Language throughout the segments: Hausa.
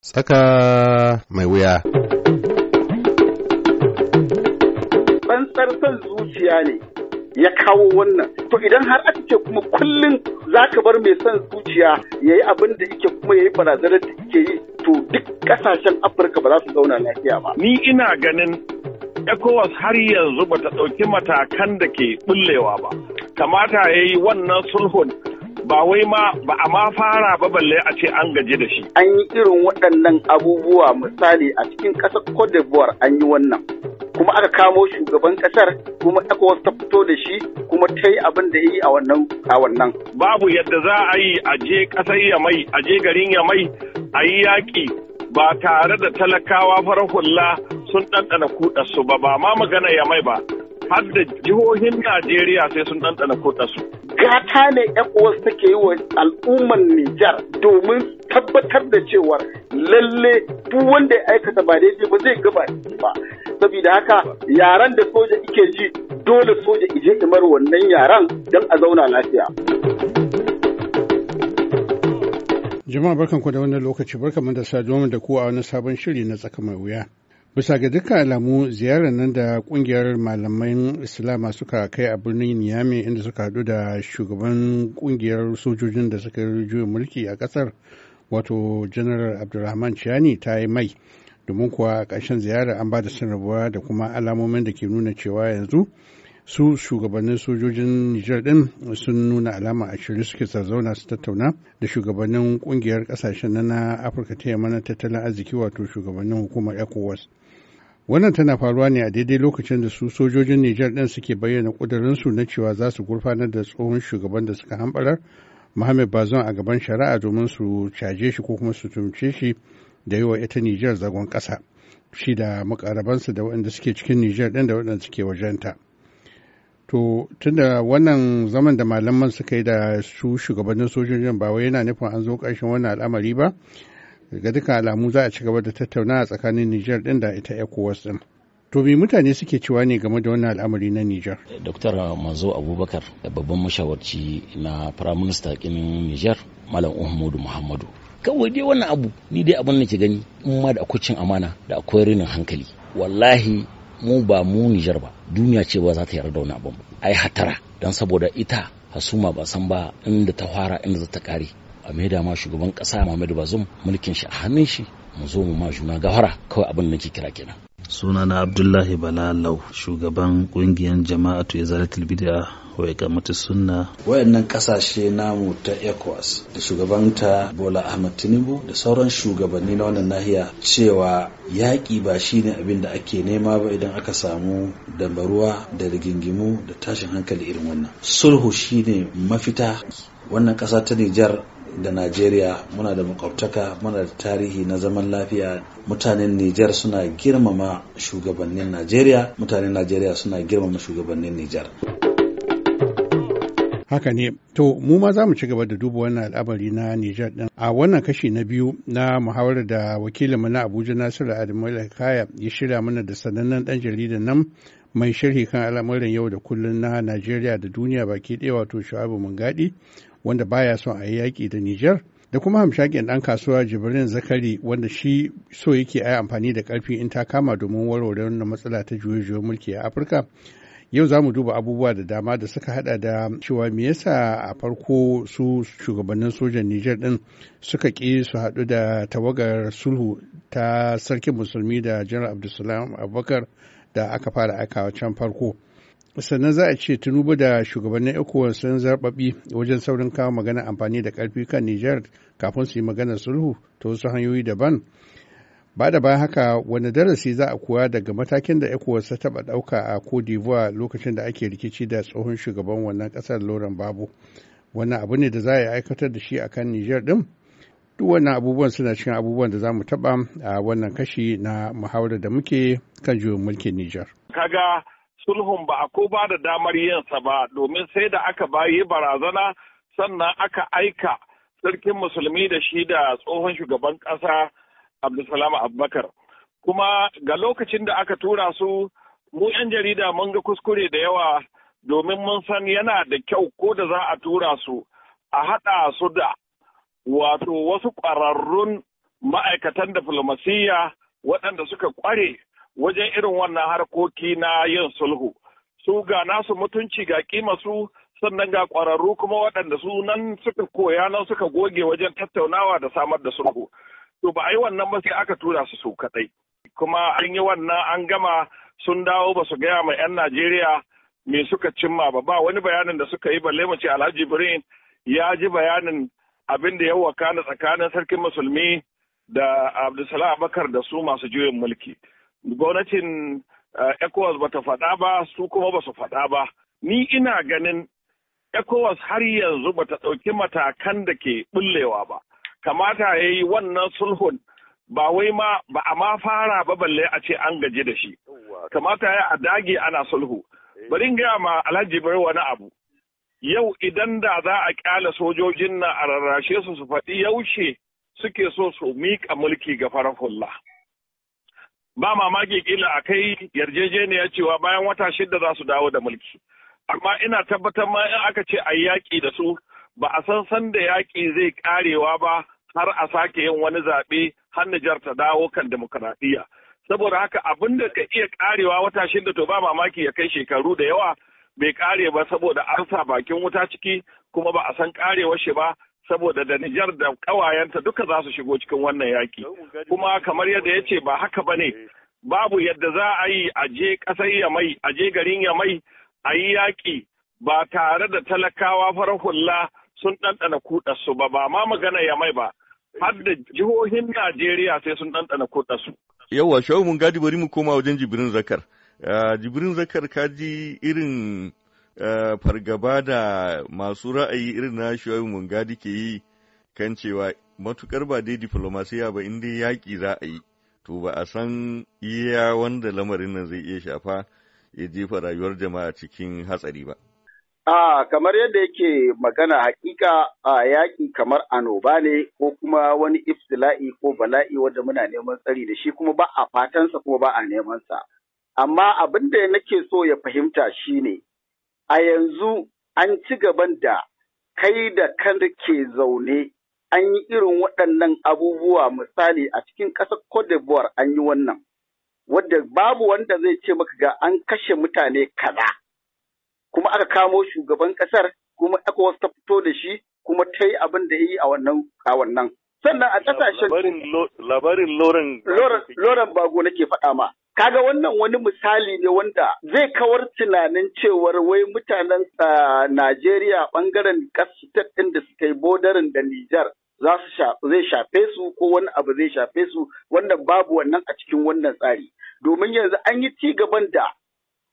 Tsaka mai wuya. Tsantsar zuciya ne ya kawo wannan. To idan har aka ce kuma kullum za ka bar mai son zuciya ya yi abin da yake kuma ya yi barazanar da yake yi to duk ƙasashen Afirka ba za su zauna lafiya ba. Ni ina ganin ECOWAS har yanzu ba ta ɗauki matakan da ke ɓullewa ba. Kamata ya yi wannan sulhun ba wai ma ba a ma fara ba balle a ce an gaji da shi. An yi irin waɗannan abubuwa misali a cikin ƙasar Cote d'Ivoire an yi wannan. Kuma aka kamo shugaban ƙasar kuma aka ta fito da shi kuma ta yi abin da ya yi a wannan a wannan. Babu yadda za a yi a je ƙasar Yamai a je garin Yamai a yi yaƙi ba tare da talakawa farar hula sun ɗanɗana kuɗarsu ba ba ma magana Yamai ba. Har da jihohin Najeriya sai sun ɗanɗana kuɗarsu. gata ne ECOWAS take yi wa al'ummar Nijar domin tabbatar da cewar lalle duk wanda ya aikata ba daidai ba zai gaba ba. Saboda haka yaran da soja ike ji dole soja ije imar wannan yaran don a zauna lafiya. Jama'a barkanku da wannan lokaci barkanmu da saduwa da ku a wani sabon shiri na tsaka mai wuya. bisa ga duka alamu ziyarar nan da kungiyar malaman islama suka kai a birnin niyami inda suka hadu da shugaban kungiyar sojojin da suka juya mulki a kasar wato general abdulrahman chiani ta yi mai domin kuwa a ƙarshen ziyarar an ba da sanarwa da kuma alamomin da ke nuna cewa yanzu su shugabannin sojojin Nijar din sun nuna alama a shirye suke zauna su tattauna da shugabannin kungiyar kasashen na Afirka ta yamma na tattalin arziki wato shugabannin hukumar ECOWAS. Wannan tana faruwa ne a daidai lokacin da su sojojin Nijar din suke bayyana kudurinsu na cewa za su gurfanar da tsohon shugaban da suka hambarar Muhammad Bazon a gaban shari'a domin su caje shi ko kuma su tumce shi da yi wa ita Nijar zagon ƙasa. Shi da makarabansa da waɗanda suke cikin Nijar ɗin da waɗanda suke wajenta. To tunda wannan zaman da malaman suka yi da su shugabannin sojojin ba wai yana nufin an zo ƙarshen wannan al'amari ba ga dukkan alamu za a ci gaba da tattaunawa tsakanin Nijar din da ita ECOWAS din. To me mutane suke cewa ne game da wannan al'amari na Nijar? Dr. Manzo Abubakar babban mashawarci na Prime Minister kin Nijar Malam Uhmudu Muhammadu. Kawai dai wannan abu ni dai abin da ke gani in ma da akwai cin amana da akwai rinin hankali. Wallahi mu ba mu Nijar ba duniya ce ba za ta yarda da wani abin ai hatara dan saboda ita hasuma ba san ba inda ta fara inda za ta kare a da ma shugaban kasa Muhammadu Bazum mulkin shi a hannun shi mu zo mu ma juna gafara kawai abin da nake kira kenan sunana Abdullahi Balalau shugaban kungiyar jama'atu ya zalatul bid'a kawai ga mutu sunna wayannan kasashe namu ta ecowas da shugabanta bola ahmad tinubu da sauran shugabanni na wannan nahiya cewa yaƙi ba shine abin da ake nema ba idan aka samu dambaruwa da rigingimu da tashin hankali irin wannan sulhu shine mafita wannan ƙasa ta nijar da Najeriya muna da makwabtaka muna da tarihi na zaman lafiya mutanen Nijar suna girmama shugabannin Najeriya mutanen Najeriya suna girmama shugabannin Nijar. Haka ne, to mu ma za mu ci gaba da duba wannan al'amari na Nijar ɗin. A wannan kashi na biyu na muhawarar da wakilinmu na Abuja Nasiru Adamu Kaya ya shirya mana da sanannen dan jaridan nan mai sharhi kan al'amuran yau da kullun na Najeriya da duniya baki ɗaya wato Shu'abu Mungadi wanda baya son a yi yaƙi da Nijar. Da kuma hamshakin ɗan kasuwa Jibrin Zakari wanda shi so yake a amfani da ƙarfi in ta kama domin warware wannan matsala ta juye-juyen mulki a Afirka. Yau za mu duba abubuwa da dama da suka hada da cewa me yasa a farko su shugabannin sojan Nijar din suka ƙi su hadu da tawagar sulhu ta sarkin musulmi da Janar Abdulsalam Abubakar da aka fara aikawa can farko. sannan za a ce tunubu da shugabannin ecowas sun zarbabi wajen saurin kawo magana amfani da karfi kan niger kafin su yi maganar sulhu ta wasu hanyoyi daban ba da bayan haka wani darasi za a kuwa daga matakin da ecowas ta taba dauka a cote d'ivoire lokacin da ake rikici da tsohon shugaban wannan kasar lauren babu wannan abu ne da za a yi aikatar da shi a kan niger din duk wannan abubuwan suna cikin abubuwan da za mu taba a wannan kashi na muhawarar da muke kan juyin mulkin niger kaga sulhun ba a ko ba da damar yinsa ba domin sai da aka bayi barazana sannan aka aika sarkin musulmi da shi da tsohon shugaban kasa. Abdulsalam Abubakar. Kuma ga lokacin da aka tura su mu 'yan jarida mun ga kuskure da yawa domin mun san yana da kyau ko da za a tura su a haɗa su da wato wasu ƙwararrun ma'aikatan diflomasiyya waɗanda suka ƙware wajen irin wannan harkoki na yin sulhu. Su ga nasu mutunci ga kima su sannan ga ƙwararru kuma waɗanda su nan suka koya nan suka goge wajen tattaunawa da samar da sulhu. to ba a yi wannan ba sai aka tura su su kadai kuma an yi wannan an gama sun dawo ba su gaya ma 'yan Najeriya me suka cimma ba ba wani bayanin da suka yi balle mace Alhaji Ibrahim ya ji bayanin abin da ya wakana tsakanin sarkin musulmi da Abdulsalam Abakar da su masu juyin mulki gwamnatin eh, ECOWAS ba ta faɗa ba su kuma ba su faɗa ba ni ina ganin ECOWAS har yanzu ba ta ɗauki matakan da ke bullewa ba kamata ya yi wannan sulhun ba wai ma ba a ma fara ba balle a ce an gaji da shi kamata ya a dage ana sulhu eh. bari in gaya ma alhaji bari wani abu yau idan da za a kyala sojojin na a rarrashe su su faɗi yaushe suke so su miƙa mulki ga farar hula ba mamaki kila a kai yarjejeniya cewa bayan wata shida za su dawo da mulki amma ina tabbatar ma in aka ce a yaƙi da su ba a san sanda yaƙi zai ƙarewa ba har a sake yin wani zaɓe har Nijar ta dawo kan demokuraɗiyya. Saboda haka abin da ka iya ƙarewa wata shida to ba mamaki ya kai shekaru da yawa bai ƙare ba saboda an sa bakin wuta ciki kuma ba a san ƙarewar shi ba saboda da Nijar da ƙawayenta duka za su shigo cikin wannan yaƙi. Kuma kamar yadda ya ce ba haka ba ne babu yadda za a yi a je ƙasar Yamai a je garin Yamai a yi yaƙi ba tare da talakawa farar hula sun ɗanɗana kuɗarsu ba ba ma magana ya mai ba har da jihohin Najeriya sai sun ɗanɗana kuɗarsu. Yawwa shawu mun gadi bari mu koma wajen Jibrin Zakar. Jibrin Zakar ka ji irin eh, fargaba da masu ra'ayi irin na shawu mun gadi ke yi kan cewa matukar ba dai diplomasiya ba in dai yaƙi za a yi to ba a san iya wanda lamarin nan zai iya shafa ya jefa rayuwar jama'a cikin hatsari ba. A kamar yadda yake magana hakika a yaƙi kamar anoba ne ko kuma wani iftila'i ko bala'i wanda muna neman tsari da shi kuma ba a fatansa kuma ba a sa. Amma abin da nake so ya fahimta shi ne, a yanzu an ci gaban da kai da kan ke zaune an yi irin waɗannan abubuwa misali a cikin ƙasar Cote d'Ivoire an yi wannan. Wadda babu wanda zai ce maka ga an kashe mutane kaza. kuma aka kamo shugaban ƙasar kuma ECOWAS ta fito da shi kuma ta yi abin da ya yi a wannan. wannan. Sannan a kasashen labarin Loren Loren Bago nake faɗa ma. Kaga wannan wani misali ne wanda zai kawar tunanin cewar wai mutanen Najeriya ɓangaren ƙasar ɗin da suka yi bodarin da Nijar za su zai shafe su ko wani abu zai shafe su wanda babu wannan a cikin wannan tsari domin yanzu an yi ci gaban da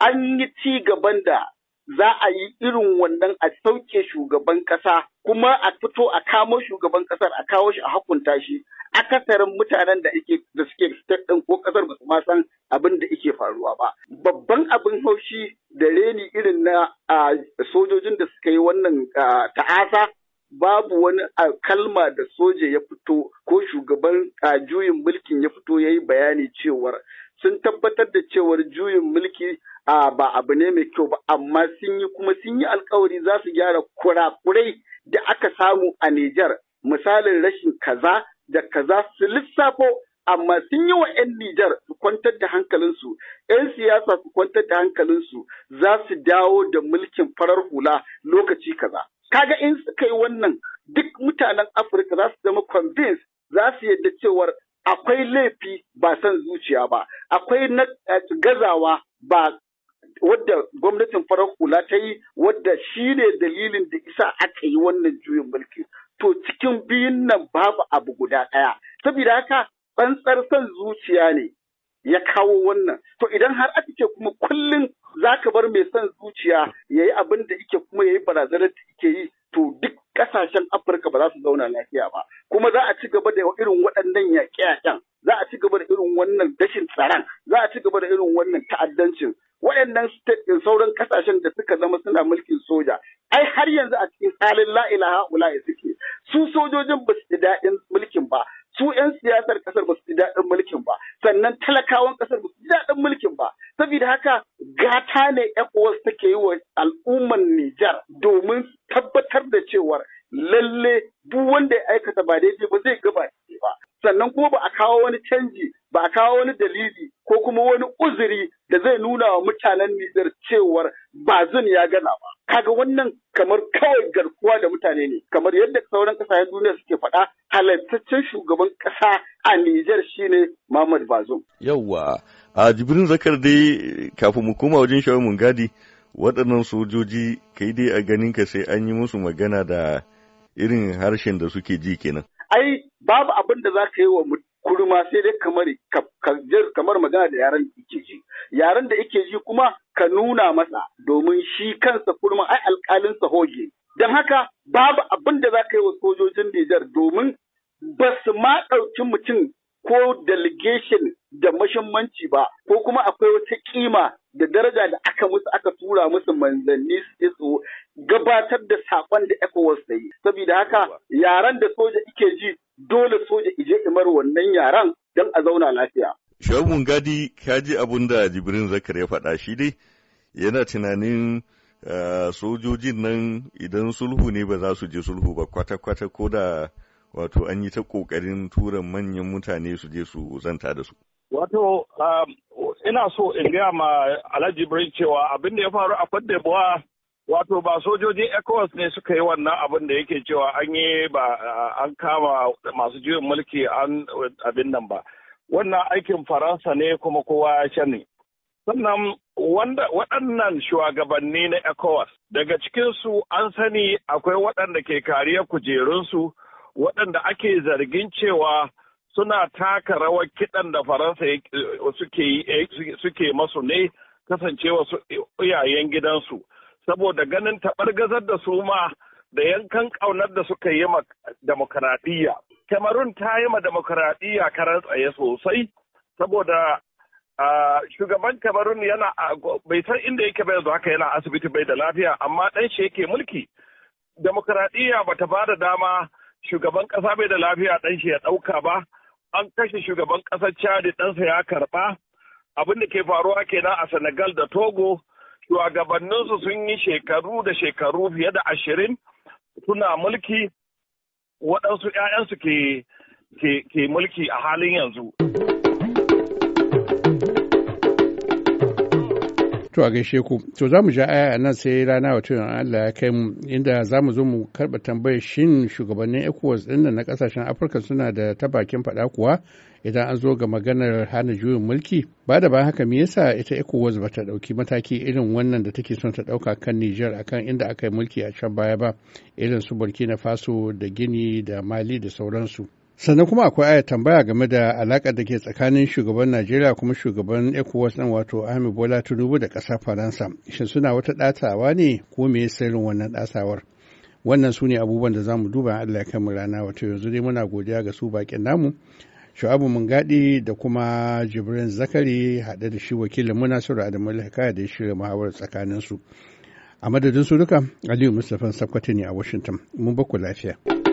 an yi ci gaban da za a yi irin wannan a sauke shugaban ƙasa kuma a fito a kamo shugaban ƙasar a kawo shi a hakunta shi akasarin mutanen da ake da suke ɗin ko ƙasar ba su ma san abin da ake faruwa ba babban abin haushi da reni irin na sojojin da suka yi wannan ta'asa babu wani kalma da soja ya fito ko shugaban juyin mulkin ya fito ya yi bayani cewar sun tabbatar da cewar juyin mulki a ba abu ne mai kyau ba amma sun yi kuma sun yi alkawari za su gyara kurakurai da aka samu a Nijar misalin rashin kaza da kaza su lissafo amma sun yi wa 'yan Nijar su kwantar da hankalinsu, 'yan siyasa su kwantar da hankalinsu za su dawo da mulkin farar hula lokaci kaza. Kaga in suka yi wannan duk mutanen Afirka za su zama convinced za su yadda cewar akwai laifi ba son zuciya ba akwai eh, gazawa ba wadda gwamnatin farar hula ta yi wadda shi ne dalilin da isa aka yi wannan juyin mulki to cikin biyun nan babu abu guda ɗaya saboda haka tsantsar son zuciya ne ya kawo wannan to idan har aka ce kuma kullum za ka bar mai son zuciya ya yi abin da ike kuma ya yi barazanar da ike yi to duk kasashen Afirka ba za su zauna lafiya ba. Kuma za a ci gaba da irin waɗannan yaƙe-yaƙen, za a ci gaba da irin wannan dashin tsaron, za a ci gaba da irin wannan ta'addancin. Waɗannan sauran kasashen da suka zama suna mulkin soja, ai har yanzu a cikin halin la'ilaha ula'i suke. Su sojojin ba su ji daɗin mulkin ba, su 'yan siyasar ƙasar ba su ji daɗin mulkin ba, sannan talakawan kamar kawai garkuwa da mutane ne kamar yadda sauran kasashen duniya suke faɗa halartaccen shugaban ƙasa a Nijar shine Muhammad Bazoum. Yawwa a Jibrin Zakar dai kafin mu koma wajen shawar mun gadi waɗannan sojoji kai dai a ganin ka sai an yi musu magana da irin harshen da suke ji kenan. Ai babu abin da za ka yi wa kurma sai dai kamar kamar magana da yaran da ji yaren da ike ji kuma ka nuna masa domin shi kansa kurma ai alƙalinsa hoge. Don haka babu abin da za ka yi wa sojojin Nijar domin ba su ma ɗauki mutum ko delegation da mashimmanci ba ko kuma akwai wata kima da daraja da aka musu aka tura musu manzanni su gabatar da saƙon da ECOWAS ta yi saboda haka yaran da soja ike ji dole soja ije imar wannan yaran don a zauna lafiya. Shagun gadi kaji abin da Jibrin Zakar ya faɗa shi dai yana tunanin sojojin nan idan sulhu ne ba za su je sulhu ba kwata-kwata ko da wato an yi ta kokarin tura manyan mutane su je su zanta da su. Wato, ina so in gaya ma Alhaji Birnin cewa abin da ya faru a buwa wato ba sojojin ECOWAS ne suka yi wannan abin da yake cewa an yi ba an kama masu juyin mulki an abin nan ba. Wannan aikin Faransa ne kuma kowa ya Sannan waɗannan shugabanni na ECOWAS daga cikinsu an sani akwai waɗanda ke kariya kujerunsu waɗanda ake zargin cewa suna taka rawar kiɗan da Faransa eh, eh, suke masu ne kasancewa su iyayen gidansu saboda ganin taɓar gazar da su ma da yankan ƙaunar da suka yi ma demokaradiyya. Kamarun ta yi ma demokaradiyya karan tsaye sosai saboda shugaban kamarun yana bai san inda yake bai yanzu haka yana asibiti bai da lafiya amma ɗan shi yake mulki demokuraɗiyya ba ta bada dama shugaban ƙasa bai da lafiya ɗan shi ya ɗauka ba an kashe shugaban ƙasar chad ɗansa ya karɓa abin da ke faruwa kenan a senegal da togo shugabanninsu sun yi shekaru da shekaru fiye da ashirin suna mulki waɗansu 'ya'yansu ke mulki a halin yanzu. To a gaishe ku, to za mu ja aya a nan sai rana wato Allah ya kai mu inda za mu zo mu karɓa tambayar shin shugabannin ECOWAS ɗin na ƙasashen Afirka suna da ta bakin faɗa kuwa idan an zo ga maganar hana juyin mulki ba da ba haka me yasa ita ECOWAS ba ta ɗauki mataki irin wannan da take son ta ɗauka kan Nijar akan inda aka yi mulki a can baya ba irin su Burkina Faso da Gini da Mali da sauransu. sannan kuma akwai aya tambaya game da alaƙa da ke tsakanin shugaban najeriya kuma shugaban ecowas ɗin wato ahmed bola tinubu da ƙasar faransa shin suna wata ɗatawa ne ko me sirrin wannan ɗatawar wannan su ne abubuwan da za mu duba allah ya kai mu rana wato yanzu dai muna godiya ga su bakin namu shu'abu gaɗi da kuma jibrin zakari haɗe da shi wakilin mu da adamu hikaya da ya shirya muhawar tsakanin su a madadin su duka aliyu mustapha sakwati ne a washington mun baku lafiya